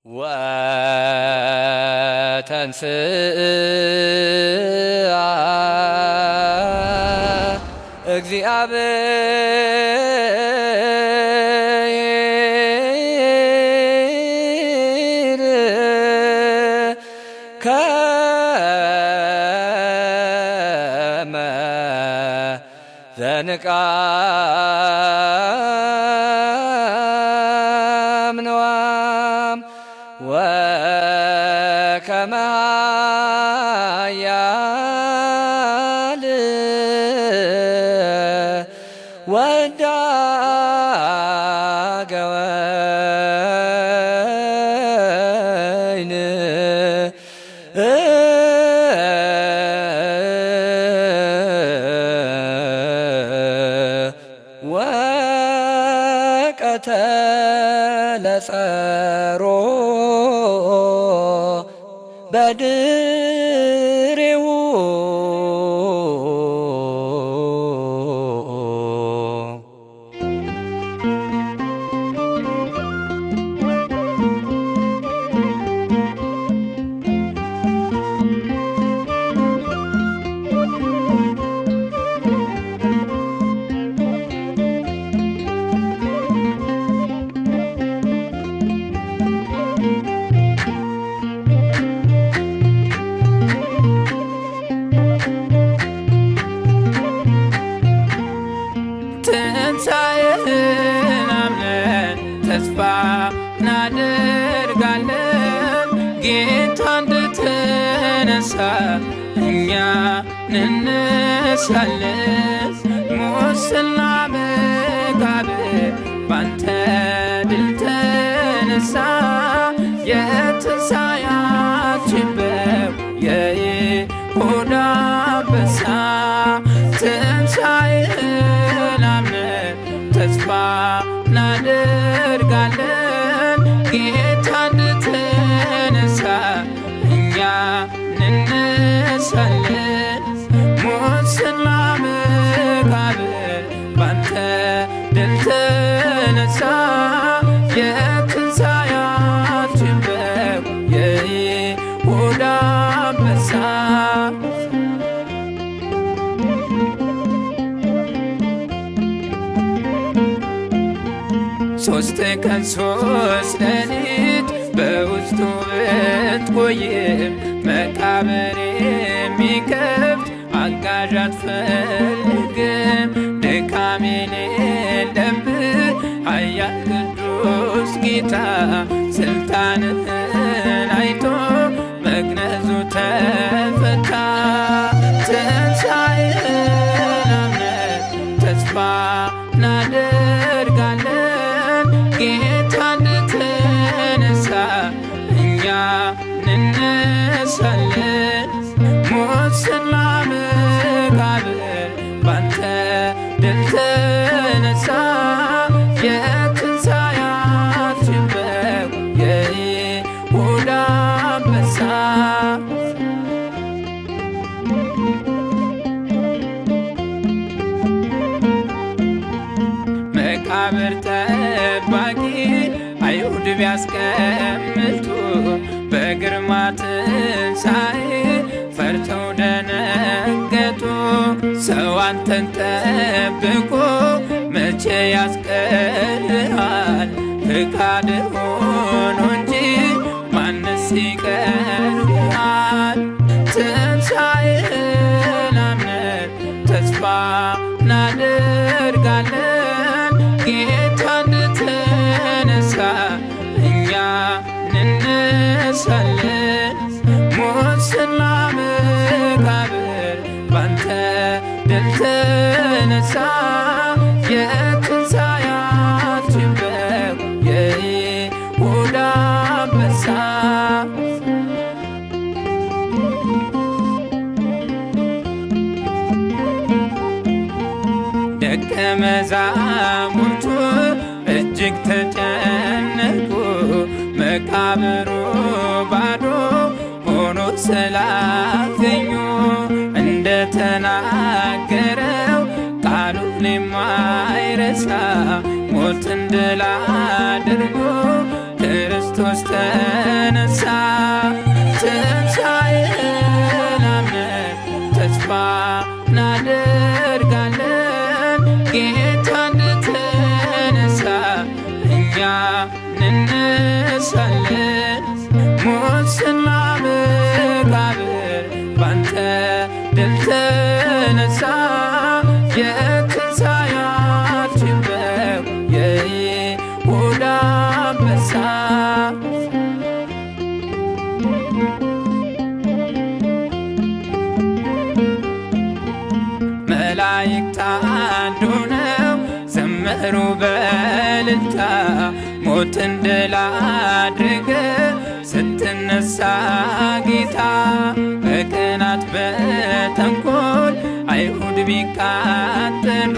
ወተንስአ እግዚአብሔር ከመ ዘንቃ وكما يال وداك وين በረከተ ለጸሮ በድ እኛ እንነሳለን ሙስና መቃብር ባንተ ድል ተነሳ የትንሣኤያችን በው የይሁዳ አንበሳ ትንሣኤህን አምነን ተስፋ እናደርጋለን ጌታ እንደተነሳ እኛ እንነሳለን ሞትና መቃብር ባንተ ድል ተነሳ። የትንሣኤያችን በግ የይሁዳ አንበሳ ሶስት ቀን ሶስት ሌሊት በውስጡ ብትቆይም መቃብር የሚከፍት አጋዥ አትፈልግም። ድካም የሌለብህ ኃያል ቅዱስ ጌታ ስልጣንህን አይቶ መግነዙ ተፈታ። መቃብር ጠባቂ አይሁድ ቢያስቀምጡ በግርማ ትንሣኤ ፈርተው ደነገጡ። ሰው አንተን ጠብቆ መቼ ያስቀርሃል? ፍቃድ ሆኖ እንጂ ማንስ ይቀርሃል? ትንሣኤን አምነን ተስፋ እናደርጋለን። ጌታ ተነሳ እኛ እንነሳለን። ሞትና መቃብር ባንተ ድል ተነሳ። የትንሣኤያችን በግ የይሁዳ አንበሳ ደቀ መዛሙርቱ እጅግ ተጨነቁ። መቃብሩ ባዶ ሆኖ ስላገኙ እንደተናገረው ቃሉን የማይረሳ ሞትን ድል አድርጎ ክርስቶስ ተነሳ። ትንሣኤ ላምነት ተስፋ ናደ መላእክት አንዱ ነው ዘመሩ በልልታ ሞትን ድል አድርገ ስትነሳ ጌታ በቅናት በተንኮል አይሁድ ቢቃጠሉ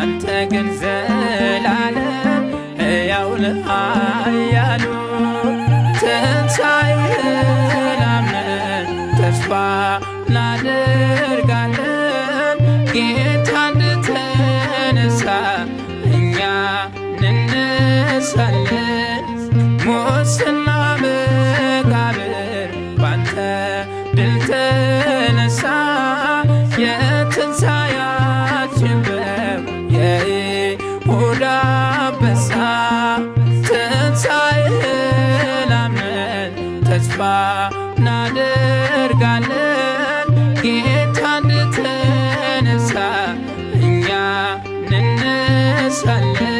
አንተ ግን ዘላለም ሕያው ለአያሉ sen sayılamadın Defa nadir sunlight.